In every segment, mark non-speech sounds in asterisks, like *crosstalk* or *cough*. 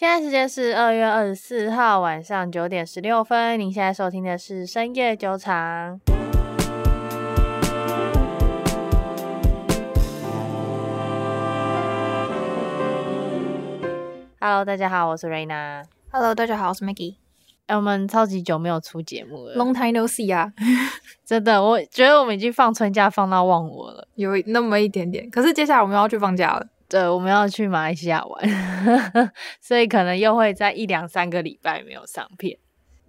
現在時間是二月二十四號晚上九點十六分。您現在收聽的是深夜酒場。 *music* Hello，大家好，我是瑞娜。Hello，大家好，我是 Maggie。哎、欸，我們超級久沒有出節目了，Long time no see 啊！ *laughs* 真的，我覺得我們已經放春假放到忘我了，有那麼一點點。可是接下來我們要去放假了。對，我們要去馬來西亞玩， *laughs* 所以可能又會再一兩三個禮拜沒有上片。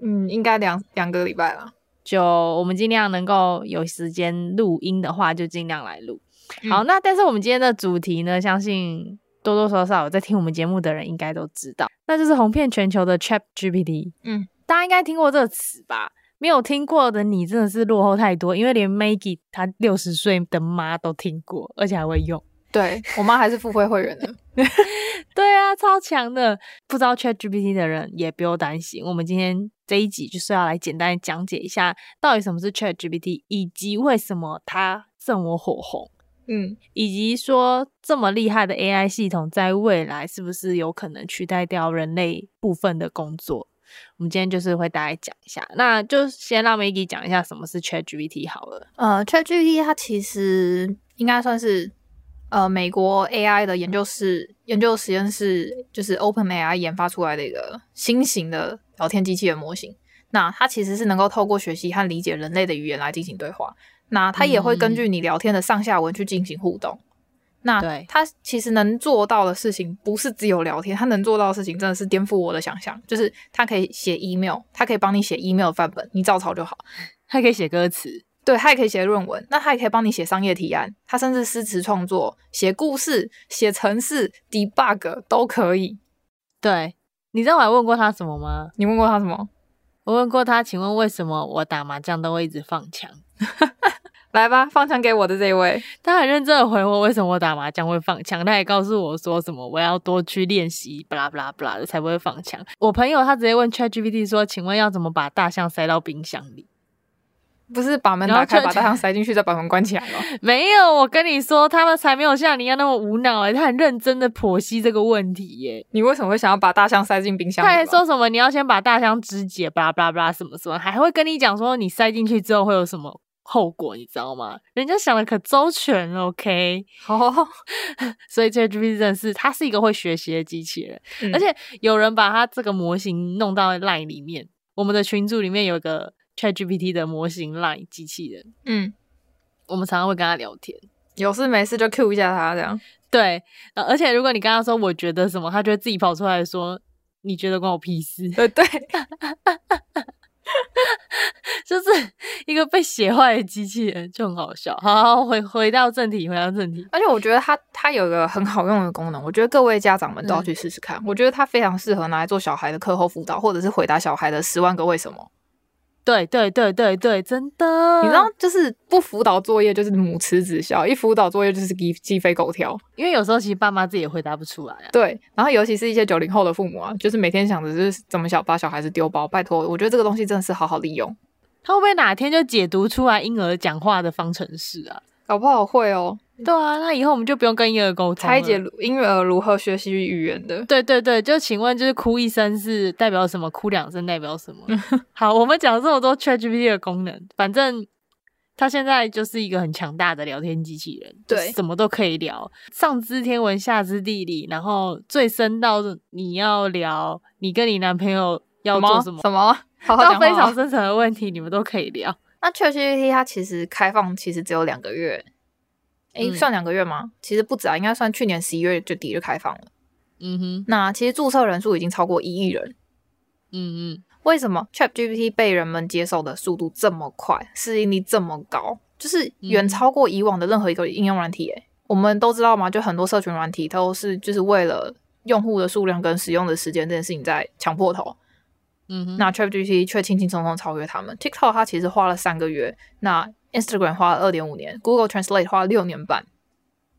嗯，應該兩兩個禮拜了。就我們盡量能夠有時間錄音的話，就盡量來錄。嗯、好，那但是我們今天的主題呢，相信多多少少在聽我們節目的人應該都知道，那就是紅遍全球的 ChatGPT。嗯，大家應該聽過這個詞吧？沒有聽過的你真的是落後太多，因為連 Maggie 她六十歲的媽都聽過，而且還會用。對我媽還是付費會員呢， *laughs* 對啊，超強的。不知道 Chat GPT 的人也不用擔心，我們今天這一集就是要來簡單講解一下，到底什麼是 Chat GPT，以及為什麼它這麼火紅。嗯，以及說這麼厲害的 AI 系統，在未來是不是有可能取代掉人類部分的工作？我們今天就是會大概講一下，那就先讓 Maggie 講一下什麼是 Chat GPT 好了。呃，Chat GPT 它其實應該算是。呃，美國 AI 的研究室、研究實驗室就是 OpenAI 研發出來的一個新型的聊天機器人模型。那它其實是能夠透過學習和理解人類的語言來進行對話。那它也會根據你聊天的上下文去進行互動。嗯、那對，它其實能做到的事情不是只有聊天，它能做到的事情真的是顛覆我的想象，就是它可以寫 email，它可以幫你寫 email 範本，你照抄就好。它可以寫歌詞。對，他也可以寫論文，那他也可以幫你寫商業提案，他甚至詩詞創作、寫故事、寫程式、debug 都可以。對，你知道我還問過他什麼嗎？你問過他什麼？我問過他，請問為什麼我打麻將都會一直放槍？ *laughs* *laughs* 來吧，放槍給我的這一位。他很認真的回我，為什麼我打麻將會放槍？他也告訴我說什麼，我要多去練習，不拉不拉不拉的，才不會放槍。我朋友他直接問 ChatGPT 說，請問要怎麼把大象塞到冰箱裡？不是把門打開，把大象塞進去再把門關起來嗎？ *laughs* 沒有，我跟你說，他們才沒有像你一樣那麼無腦誒、欸、他很認真的剖析這個問題耶、欸。你為什麼會想要把大象塞進冰箱？他還說什麼，你要先把大象肢解，巴拉巴拉巴拉，什麼什麼，還會跟你講說你塞進去之後會有什麼後果，你知道嗎？人家想的可周全了，OK？好好好。所以這個 ChatGPT 是他是一個會學習的機器人、嗯，而且有人把他這個模型弄到 Line 裡面。我們的群組裡面有個。ChatGPT 的模型 LINE 機器人，嗯，我們常常會跟他聊天，有事沒事就 Q 一下他，這樣。對、啊，而且如果你跟他說我覺得什麼，他就會自己跑出來說你覺得關我屁事。對對， *laughs* 就是一個被寫壞的機器人，就很好笑。好，好，好，回回到正題，回到正題。而且我覺得它它有一個很好用的功能，我覺得各位家長們都要去試試看、嗯。我覺得它非常適合拿來做小孩的課後輔導，或者是回答小孩的十萬個為什麼。對對對對對，真的。你知道，就是不輔導作業就是母慈子孝，一輔導作業就是雞雞飛狗跳。因為有時候其實爸媽自己也回答不出來啊。對，然後尤其是一些九零後的父母啊，就是每天想着就是怎麼想把小孩子丟包，拜托，我覺得這個東西真的是好好利用。他會不會哪天就解讀出來嬰兒講話的方程式啊？搞不好會哦。 *noise* 對啊，那以後我們就不用跟嬰兒溝通。拆解如嬰兒如何學習語言的。 *noise* 對對對，就請問，就是哭一聲是代表什麼？哭兩聲代表什麼？ *laughs* 好，我們講了這麼多 ChatGPT 的功能，反正它現在就是一個很強大的聊天機器人，對，什麼都可以聊，上知天文，下知地理，然後最深到你要聊你跟你男朋友要做什麼，什麼？什麼？好好講話。到非常深層的問題，你們都可以聊。 *noise* 那 ChatGPT 它其實開放其實只有兩個月。哎，算兩個月嗎？嗯？其實不止啊，應該算去年十一月就底就開放了。嗯哼，那其實註冊人數已經超過一億人。嗯嗯，為什麼 ChatGPT 被人們接受的速度這麼快，適應力這麼高，就是遠超過以往的任何一個應用軟體？欸，哎、嗯，我們都知道嘛，就很多社群軟體都是就是為了用戶的數量跟使用的時間這件事情在強迫投。嗯哼，那 ChatGPT 卻輕輕鬆鬆超越他們。TikTok 它其實花了三個月，那。Instagram 花了二點五年，Google Translate 花了六年半，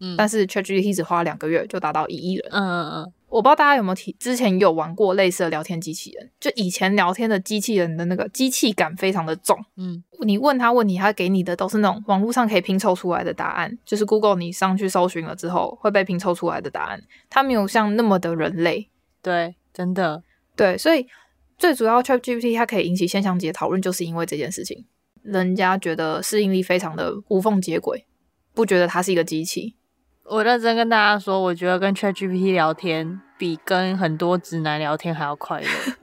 嗯，但是 ChatGPT 只花了兩個月就達到一億人。嗯嗯嗯，我不知道大家有沒有提，之前有玩過類似的聊天機器人？就以前聊天的機器人的那個機器感非常的重，嗯，你問他問題，他給你的都是那種網絡上可以拼湊出來的答案，就是 Google 你上去搜尋了之後會被拼湊出來的答案，它沒有像那麼的人類。對，真的，對，所以最主要 ChatGPT 它可以引起現象級的討論，就是因為這件事情。人家覺得適應力非常的無縫接軌，不覺得它是一個機器。我認真跟大家說，我覺得跟 ChatGPT 聊天比跟很多直男聊天還要快樂，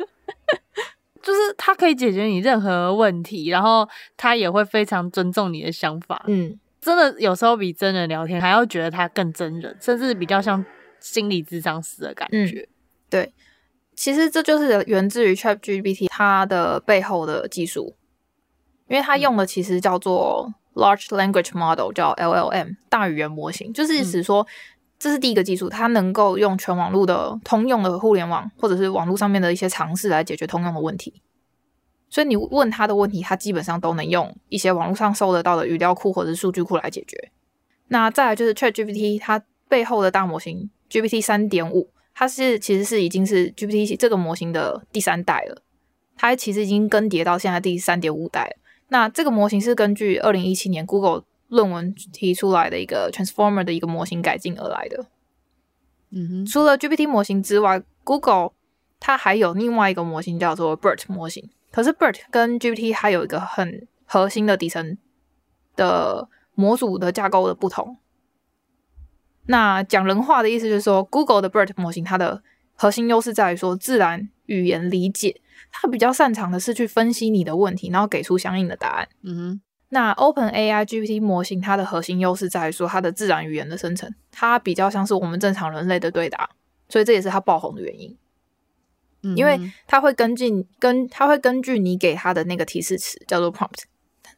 *laughs* 就是它可以解決你任何問題，然後它也會非常尊重你的想法。嗯，真的有時候比真人聊天還要覺得它更真人，甚至比較像心理諮商師的感覺，嗯。對，其實這就是源自於 ChatGPT 它的背後的技術。因為它用的其實叫做 large language model，叫 LLM 大語言模型，就是指說、嗯、這是第一個技術，它能夠用全網路的通用的互聯網或者是網路上面的一些嘗試來解決通用的問題。所以你問它的問題，它基本上都能用一些網路上搜得到的語料庫或者數據庫來解決。那再來就是 ChatGPT，它背後的大模型 GPT 三點五，它是其實是已經是 GPT 這個模型的第三代了，它其實已經更迭到現在第三點五代了。那這個模型是根據二零一七年 Google 論文提出來的一個 Transformer 的一個模型改進而來的。嗯哼，除了 GPT 模型之外，Google 它還有另外一個模型叫做 Bert 模型。可是 Bert 跟 GPT 還有一個很核心的底層的模組的架構的不同。那講人話的意思就是說，Google 的 Bert 模型它的核心優勢在於說自然語言理解，它比較擅長的是去分析你的問題，然後給出相應的答案。嗯哼，那 OpenAI GPT 模型它的核心優勢在於說它的自然語言的生成，它比較像是我們正常人類的對答，所以這也是它爆紅的原因。嗯，因為它會根據跟它會根據你給它的那個提示詞叫做 prompt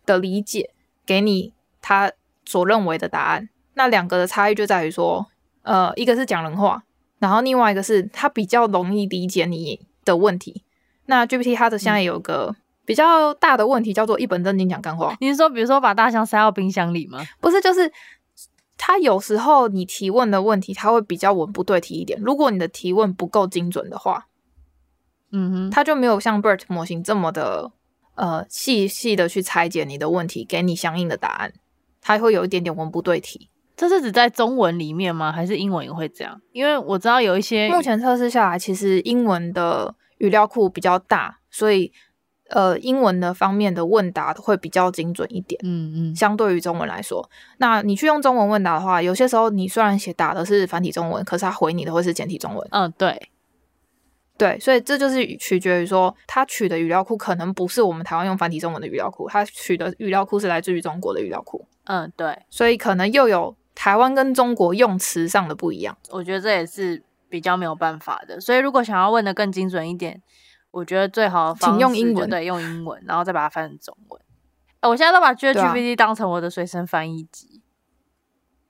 的理解，給你它所認為的答案。那兩個的差異就在於說，呃，一個是講人話。然後另外一個是它比較容易理解你的問題，那 GPT 它的現在有個比較大的問題，嗯、叫做一本正經講幹話，你是說比如說把大象塞到冰箱裡嗎？不是，就是它有時候你提問的問題，它會比較文不對題一點。如果你的提問不夠精準的話，嗯哼，它就沒有像 Bert 模型這麼的呃細細的去拆解你的問題，給你相應的答案。它會有一點點文不對題。這是指在中文裡面嗎？還是英文也會這樣？因為我知道有一些目前測試下來，其實英文的語料庫比較大，所以呃，英文的方面的問答會比較精準一點。嗯嗯，相對於中文來說，那你去用中文問答的話，有些時候你雖然寫打的是繁體中文，可是他回你的會是簡體中文。嗯，對。對，所以這就是取決於說他取的語料庫可能不是我們台灣用繁體中文的語料庫，他取的語料庫是來自於中國的語料庫。嗯，對。所以可能又有。台灣跟中國用詞上的不一樣，我覺得這也是比較沒有辦法的。所以如果想要問的更精準一點，我覺得最好請用英文，對，用英文，然後再把它翻成中文。呃，我現在都把 ChatGPT，啊，當成我的隨身翻譯機。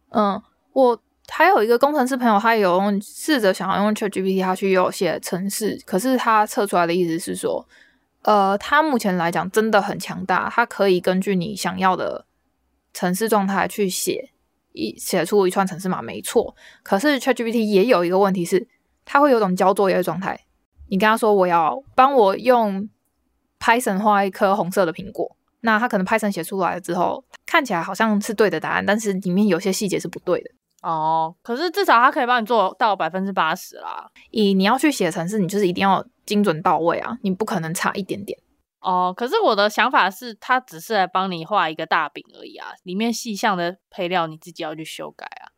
嗯，我還有一個工程師朋友，他有用試着想要用 ChatGPT，他去用寫程式，可是他測出來的意思是說，呃，他目前來講真的很強大，他可以根據你想要的程式狀態去寫。一寫出一串程式碼沒錯，可是 ChatGPT 也有一個問題是，它會有種交作業的狀態。你跟他說我要幫我用 Python 畫一顆紅色的蘋果，那他可能 Python 寫出來了之後，看起來好像是對的答案，但是裡面有些細節是不對的。哦，可是至少他可以幫你做到百分之八十啦。以你要去寫程式，你就是一定要精準到位啊，你不可能差一點點。哦，可是我的想法是，它只是來幫你畫一個大餅而已啊，裡面細項的配料你自己要去修改啊。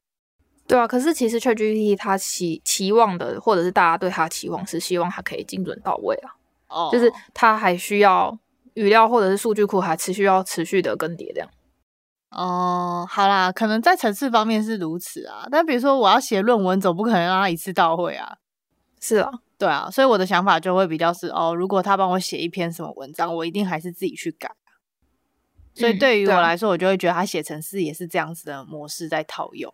對啊，可是其實 ChatGPT 它期期望的，或者是大家對它期望是希望它可以精準到位啊。哦，就是它還需要語料或者是數據庫還持續要持續的更迭這樣。哦，嗯，好啦，可能在層次方面是如此啊，但比如說我要寫論文，總不可能讓它一次到位啊。是啊。對啊，所以我的想法就會比較是哦，如果他幫我寫一篇什麼文章，我一定還是自己去改。嗯、所以對於我來說，啊，我就會覺得他寫程式，也是這樣子的模式在套用。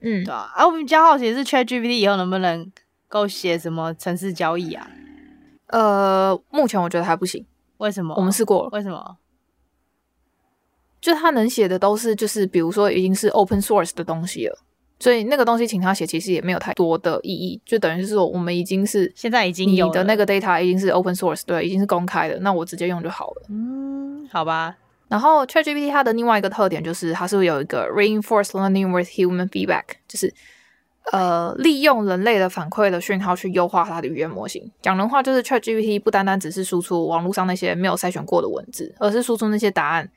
嗯，對啊。啊，我比較好奇是 ChatGPT 以後能不能夠寫什麼程式交易啊、嗯。呃，目前我覺得還不行。為什麼？我們試過了。為什麼？就他能寫的都是就是比如說已經是 Open Source 的東西了。所以那個東西請他寫，其實也沒有太多的意義，就等於是說我們已經是現在已經有你的那個 data 已經是 open source，對，已經是公開的，那我直接用就好了。嗯，好吧。然後 ChatGPT 它的另外一個特點就是它是有一個 reinforced learning with human feedback，就是呃利用人類的反饋的訊號去優化它的語言模型。講人話就是 ChatGPT 不單單只是輸出網絡上那些沒有篩選過的文字，而是輸出那些答案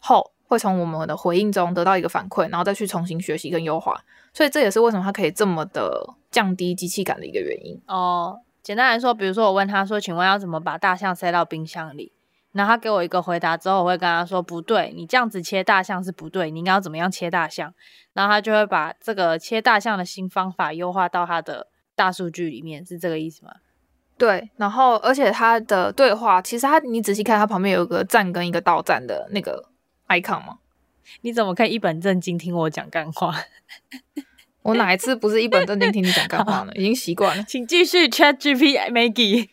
後。會從我們的回應中得到一個反饋，然後再去重新學習跟優化，所以這也是為什麼它可以這麼的降低機器感的一個原因。哦，簡單來說，比如說我問他說：“請問要怎麼把大象塞到冰箱裡？”然後他給我一個回答之後，我會跟他說：“不對，你這樣子切大象是不對，你應該要怎麼樣切大象？”然後他就會把這個切大象的新方法優化到他的大數據裡面，是這個意思嗎？對，然後而且他的對話其實他你仔細看，他旁邊有一個讚跟一個倒讚的那個。Icon 嗎？你怎麼可以一本正經聽我講幹話？ *laughs* 我哪一次不是一本正經聽你講幹話呢？已經習慣了。請繼續 Chat G P Maggie。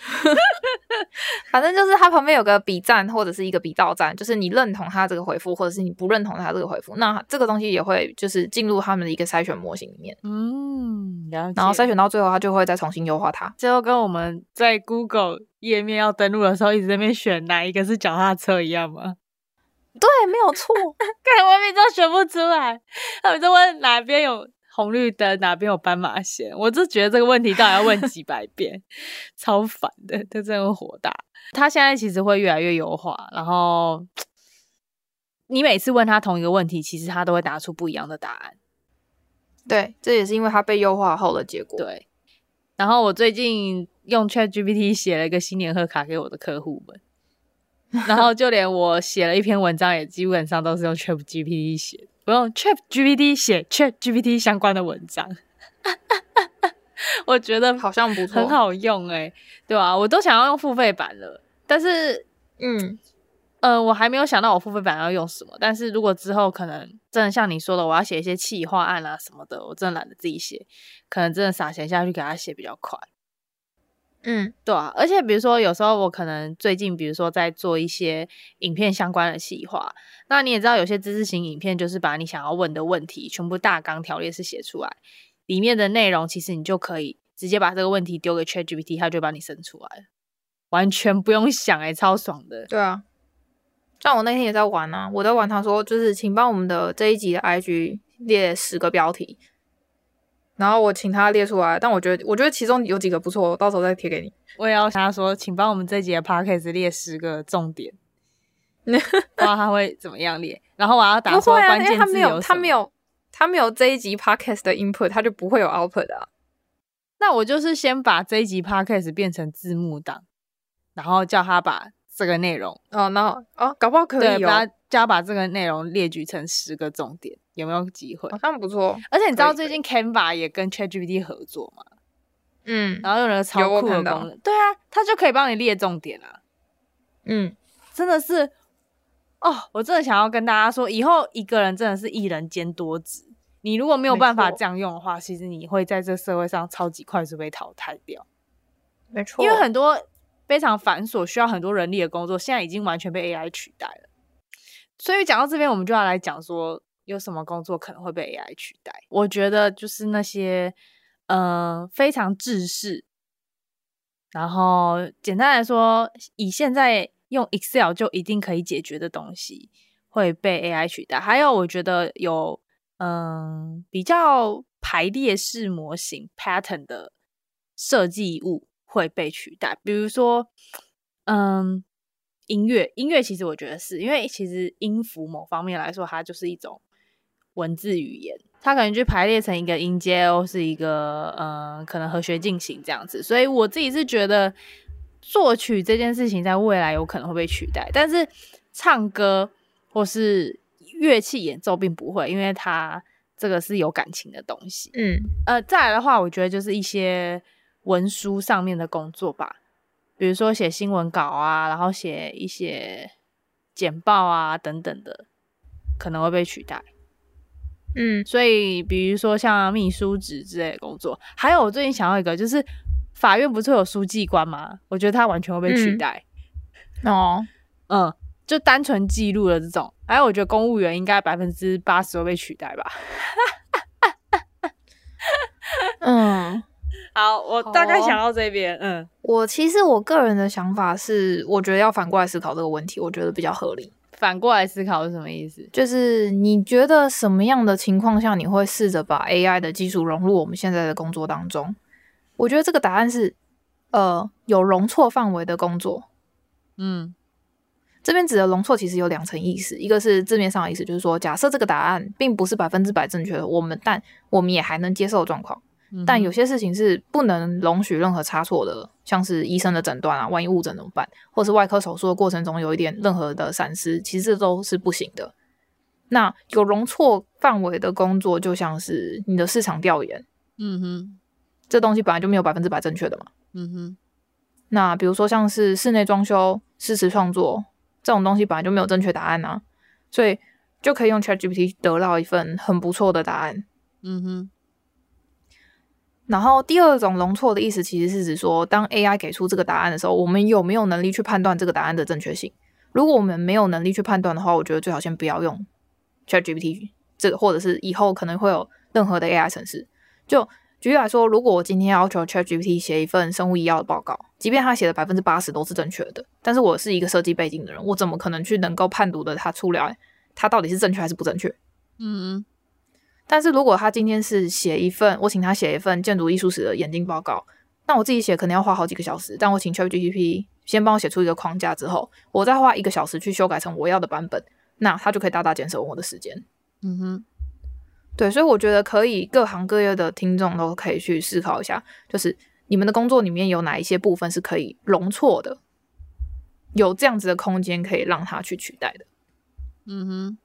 *laughs* 反正就是它旁邊有個比讚或者是一個比倒讚，就是你認同它這個回復，或者是你不認同它這個回復，那這個東西也會就是進入他們的一個篩選模型裡面。嗯，然後篩選到最後，它就會再重新優化它。最後跟我們在 Google 頁面要登錄的時候一直在那邊選哪一個是腳踏車一樣嗎？對，沒有錯，根本就選不出來。他們就問哪邊有紅綠燈，哪邊有斑馬線。我就覺得這個問題到底要問幾百遍， *laughs* 超煩的，他真的火大。他現在其實會越來越優化，然後你每次問他同一個問題，其實他都會答出不一樣的答案。對，這也是因為他被優化後的結果。對。然後我最近用 ChatGPT 寫了一個新年賀卡給我的客戶們。 *laughs* 然後就連我寫了一篇文章，也基本上都是用 Chat GPT 寫，不用 Chat GPT 寫 Chat GPT 相關的文章。 *laughs* 我覺得好像不錯，很好用誒、欸，對吧、啊？我都想要用付費版了，但是，嗯，呃，我還沒有想到我付費版要用什麼。但是如果之後可能真的像你說的，我要寫一些企劃案啊什麼的，我真的懶得自己寫，可能真的撒錢下去給他寫比較快。嗯，對啊，而且比如說，有時候我可能最近，比如說在做一些影片相關的企劃。那你也知道，有些知識型影片就是把你想要問的問題全部大綱條列式寫出來，裡面的內容其實你就可以直接把這個問題丟給 ChatGPT，它就把你生出來了，完全不用想，欸，誒超爽的。對啊，像我那天也在玩啊，我在玩，他說就是請幫我們的這一集的 IG 列十個標題。然後我請他列出來，但我覺得我覺得其中有幾個不錯，我到時候再貼給你。我也要跟他說，請幫我們這一集的 podcast 列十個重點， *laughs* 不知道他會怎麼樣列。然後我要打錯關鍵、啊、因為他沒有，他沒有，他沒有，他沒有這一集 podcast 的 input，他就不會有 output 的、啊。那我就是先把這一集 podcast 變成字幕檔，然後叫他把。這個內容哦，然後哦，搞不好可以有，就、哦、要把這個內容列舉成十個重點，有沒有機會？好像不錯。而且你知道最近 Canva 也跟 ChatGPT 合作嗎？嗯，然後有人超酷的功能，對啊，他就可以幫你列重點啊。嗯，真的是哦，我真的想要跟大家說，以後一個人真的是一人兼多職，你如果沒有辦法這樣用的話，其實你會在這社會上超級快速被淘汰掉。沒錯，因為很多。非常繁瑣、需要很多人力的工作，現在已經完全被 AI 取代了。所以講到這邊，我們就要來講說，有什麼工作可能會被 AI 取代。我覺得就是那些嗯、呃、非常制式，然後簡單來說，以現在用 Excel 就一定可以解決的東西會被 AI 取代。還有，我覺得有嗯、呃、比較排列式模型 Pattern 的設計物會被取代，比如說，嗯，音樂，音樂其實我覺得是因為其實音符某方面來說，它就是一種文字語言，它可能就排列成一個音階，或是一個嗯，可能和弦進行這樣子。所以我自己是覺得作曲這件事情在未來有可能會被取代，但是唱歌或是樂器演奏並不會，因為它這個是有感情的東西。嗯，呃，再來的話，我覺得就是一些。文書上面的工作吧，比如說寫新聞稿啊，然後寫一些簡報啊等等的，可能會被取代。嗯，所以比如說像秘書職之類的工作，還有我最近想要一個，就是法院不是有書記官嗎？我覺得他完全會被取代。嗯、哦，嗯，就單純記錄了這種。有、哎、我覺得公務員應該百分之八十都被取代吧。 *laughs* *laughs* 嗯。好，我大概想到這邊、哦。嗯，我其實我個人的想法是，我覺得要反過來思考這個問題，我覺得比較合理。反過來思考是什麼意思？就是你覺得什麼樣的情況下，你會試着把 AI 的技術融入我們現在的工作當中？我覺得這個答案是，呃，有容錯範圍的工作。嗯，這邊指的容錯其實有兩層意思，一個是字面上的意思，就是說假設這個答案並不是百分之百正確的，我們但我們也還能接受的狀況。嗯、但有些事情是不能容許任何差錯的，像是醫生的診斷啊，萬一誤診怎麼辦？或是外科手術的過程中有一點任何的閃失，其實這都是不行的。那有容錯範圍的工作，就像是你的市場調研，嗯哼，這東西本來就沒有百分之百正確的嘛，嗯哼。那比如說像是室內裝修、詩詞創作這種東西，本來就沒有正確答案啊，所以就可以用 ChatGPT 得到一份很不錯的答案，嗯哼。然後第二種容錯的意思，其實是指說，當 AI 給出這個答案的時候，我們有沒有能力去判斷這個答案的正確性？如果我們沒有能力去判斷的話，我覺得最好先不要用 ChatGPT，這個，或者是以後可能會有任何的 AI 程式。就舉例來說，如果我今天要求 ChatGPT 寫一份生物醫藥的報告，即便他寫的百分之八十都是正確的，但是我是一個設計背景的人，我怎麼可能去能夠判讀的他出來，他到底是正確還是不正確？嗯。但是如果他今天是寫一份，我請他寫一份建築藝術史的演進報告，那我自己寫可能要花好幾個小時，但我請 ChatGPT 先幫我寫出一個框架之後，我再花一個小時去修改成我要的版本，那他就可以大大減少我的時間。嗯哼，對，所以我覺得可以，各行各業的聽眾都可以去思考一下，就是你們的工作裡面有哪一些部分是可以容錯的，有這樣子的空間可以讓他去取代的。嗯哼，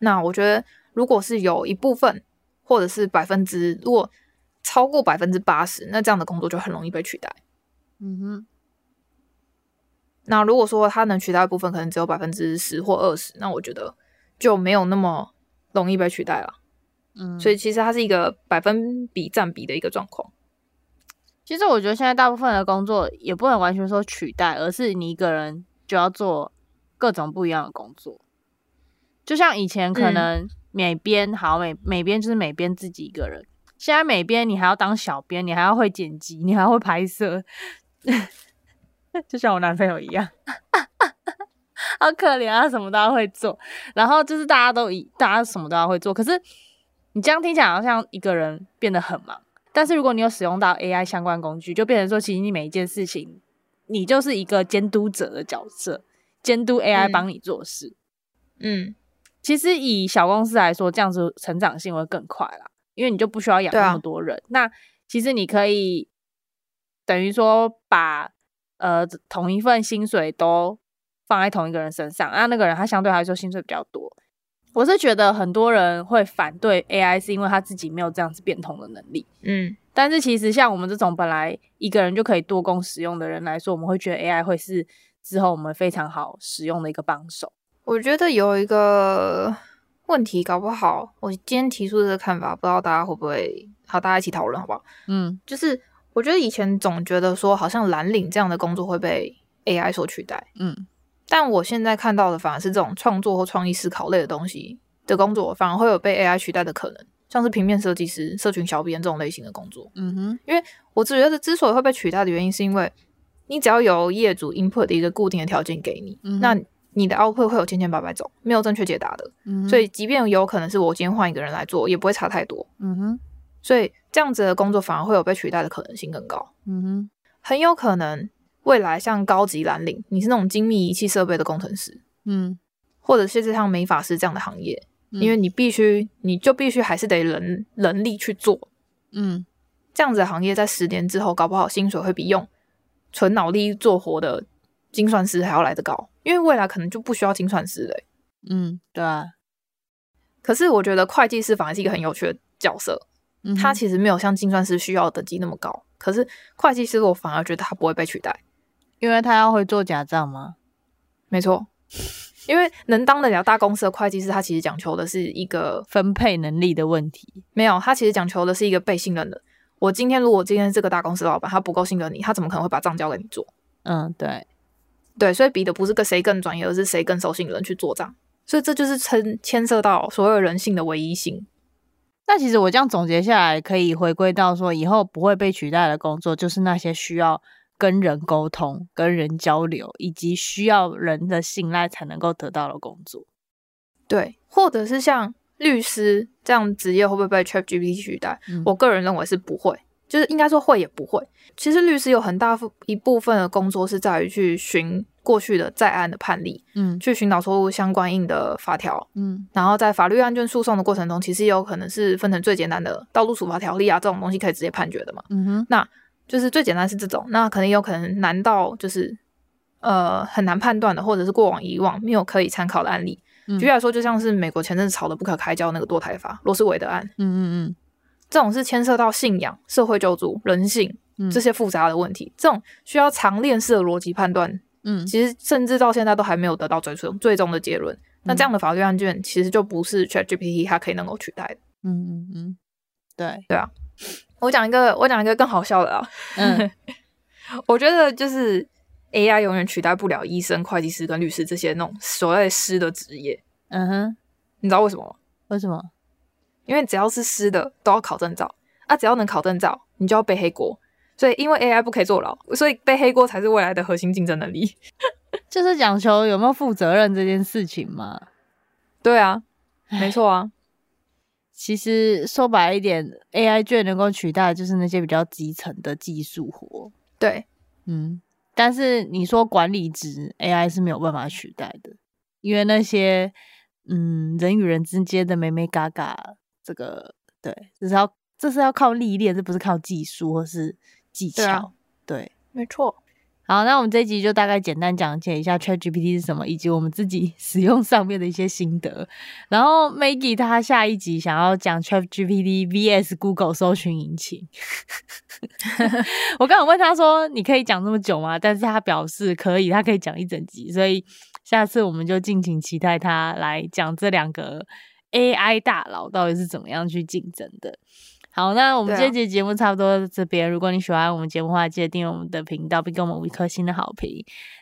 那我覺得。如果是有一部分，或者是百分之，如果超過百分之八十，那這樣的工作就很容易被取代。嗯哼。那如果說他能取代的部分可能只有百分之十或二十，那我覺得就沒有那麼容易被取代了。嗯。所以其實它是一個百分比占比的一個狀況。其實我覺得現在大部分的工作也不能完全說取代，而是你一個人就要做各種不一樣的工作，就像以前可能，嗯。美編好，美美編就是美編自己一個人。現在美編你還要當小編，你還要會剪輯，你還要會拍攝， *laughs* 就像我男朋友一樣， *laughs* 好可憐啊，什麼都要會做。然後就是大家都一大家什麼都要會做，可是你這樣聽起來好像一個人變得很忙。但是如果你有使用到 AI 相關工具，就變成說，其實你每一件事情，你就是一個監督者的角色，監督 AI 幫你做事。嗯。嗯其實以小公司來說，這樣子成長性會更快啦，因為你就不需要養那麼多人，啊。那其實你可以等於說把呃同一份薪水都放在同一個人身上，那那個人他相對來說薪水比較多。我是覺得很多人會反對 AI，是因為他自己沒有這樣子變通的能力。嗯，但是其實像我們這種本來一個人就可以多工使用的人來說，我們會覺得 AI 會是之後我們非常好使用的一個幫手。我覺得有一個問題搞不好，我今天提出這個看法，不知道大家會不會好，大家一起討論好不好？嗯，就是我覺得以前總覺得說，好像藍領這樣的工作會被 AI 所取代，嗯，但我現在看到的反而是這種創作或創意思考類的東西的工作，反而會有被 AI 取代的可能，像是平面設計師、社群小編這種類型的工作，嗯哼，因為我只覺得之所以會被取代的原因，是因為你只要有業主 input 的一個固定的條件給你，嗯，那。你的 output 會有千千百百,百種，沒有正確解答的，嗯，所以即便有可能是我今天換一個人來做，也不會差太多。嗯哼，所以這樣子的工作反而會有被取代的可能性更高。嗯哼，很有可能未來像高級藍領，你是那種精密儀器設備的工程師，嗯，或者是像美髮師這樣的行業，嗯，因為你必須你就必須還是得人人力去做。嗯，這樣子的行業在十年之後，搞不好薪水會比用純腦力做活的。精算師還要來得高，因為未來可能就不需要精算師了。嗯，對啊。可是我覺得會計師反而是一個很有趣的角色。嗯。他其實沒有像精算師需要的等級那麼高。可是會計師，我反而覺得他不會被取代，因為他要會做假賬嗎？沒錯。 *laughs* 因為能當得了大公司的會計師，他其實講求的是一個分配能力的問題。沒有，他其實講求的是一個被信任的。我今天如果今天是這個大公司老板，他不夠信任你，他怎麼可能會把賬交給你做？嗯，對。對，所以比的不是個誰更專業，而是誰更守信的人去做賬。所以這就是牽牽涉到所有人性的唯一性。那其實我這樣總結下來，可以回歸到說，以後不會被取代的工作，就是那些需要跟人溝通、跟人交流，以及需要人的信賴才能夠得到的工作。對，或者是像律師這樣職業會不會被 ChatGPT 取代？嗯。我個人認為是不會。就是應該說會也不會，其實律師有很大一部分的工作是在於去尋過去的在案的判例，嗯，去尋找出相應的法條，嗯，然後在法律案件訴訟的過程中，其實也有可能是分成最簡單的道路處罰條例啊這種東西可以直接判決的嘛，嗯哼，那就是最簡單是這種，那可能也有可能難到就是呃很難判斷的，或者是過往以往沒有可以參考的案例，舉、嗯、例來說，就像是美國前陣子吵得不可開交那個墮胎法羅斯維德案，嗯嗯嗯。這種是牽涉到信仰、社會救助、人性這些複雜的問題，嗯、這種需要長鏈式的邏輯判斷，嗯，其實甚至到現在都還沒有得到最終最終的結論、嗯。那這樣的法律案卷，其實就不是 ChatGPT 它可以能夠取代的。嗯嗯嗯，對對啊。我講一個，我講一個更好笑的啊。嗯， *laughs* 我覺得就是 AI 永遠取代不了醫生、會計師跟律師這些那種所謂“師”的職業。嗯哼，你知道為什麼嗎？為什麼？因為只要是師的都要考證照啊，只要能考證照，你就要背黑鍋。所以，因為 AI 不可以坐牢，所以背黑鍋才是未來的核心競爭能力。就是講求有沒有負責任這件事情嘛？對啊，沒錯啊。其實說白一點，AI 最能夠取代的就是那些比較基層的技術活。對，嗯。但是你說管理職，AI 是沒有辦法取代的，因為那些嗯人與人之間的眉眉嘎嘎。這個對，這是要，這是要靠歷練，這不是靠技術或是技巧。對，啊對，沒錯。好，那我們這一集就大概簡單講解一下 ChatGPT 是什麼，以及我們自己使用上面的一些心得。然後 Maggie 他下一集想要講 ChatGPT vs Google 搜尋引擎。 *laughs* 我剛剛問他說：“你可以講這麼久嗎？”但是他表示可以，他可以講一整集。所以下次我們就敬請期待他來講這兩個。AI 大佬到底是怎麼樣去競爭的？好，那我們這一節節目差不多這邊、啊。如果你喜歡我們節目的話，記得訂閱我們的頻道，並給我們一顆星的好評。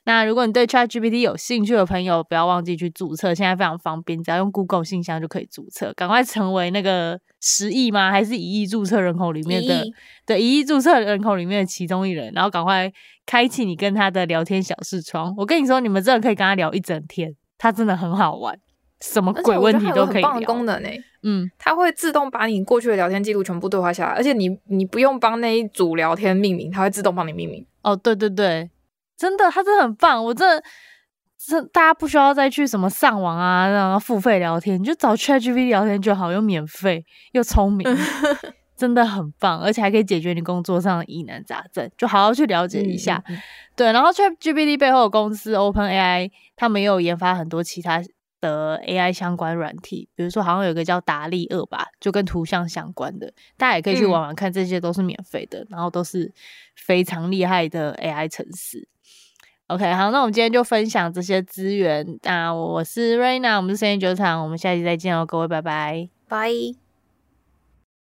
那如果你對 ChatGPT 有興趣的朋友，不要忘記去注冊，現在非常方便，只要用 Google 信箱就可以注冊。趕快成為那個十億嗎？還是一億注冊人口裡面的？對，一億注冊人口裡面的其中一人，然後趕快開啟你跟他的聊天小視窗。我跟你說，你們真的可以跟他聊一整天，他真的很好玩。什麼鬼問題都可以聊。功能、欸、嗯，它會自動把你過去的聊天記錄全部對話下來，而且你你不用幫那一組聊天命名，它會自動幫你命名。哦，對對對，真的，它真的很棒，我真的，大家不需要再去什麼上網啊，然後付費聊天，你就找 ChatGPT 聊天就好，又免費又聰明，嗯、真的很棒，而且還可以解決你工作上的疑難雜症，就好好去了解一下。嗯、對，然後 ChatGPT 背後的公司 OpenAI，他們也有研發很多其他。的 AI 相關軟體，比如說好像有一個叫達利二吧，就跟圖像相關的，大家也可以去玩玩看，這些都是免費的、嗯，然後都是非常厲害的 AI 城市。OK，好，那我們今天就分享這些資源那我是 r reyna 我們是聲音酒場，我們下期再見哦，各位，拜拜，拜。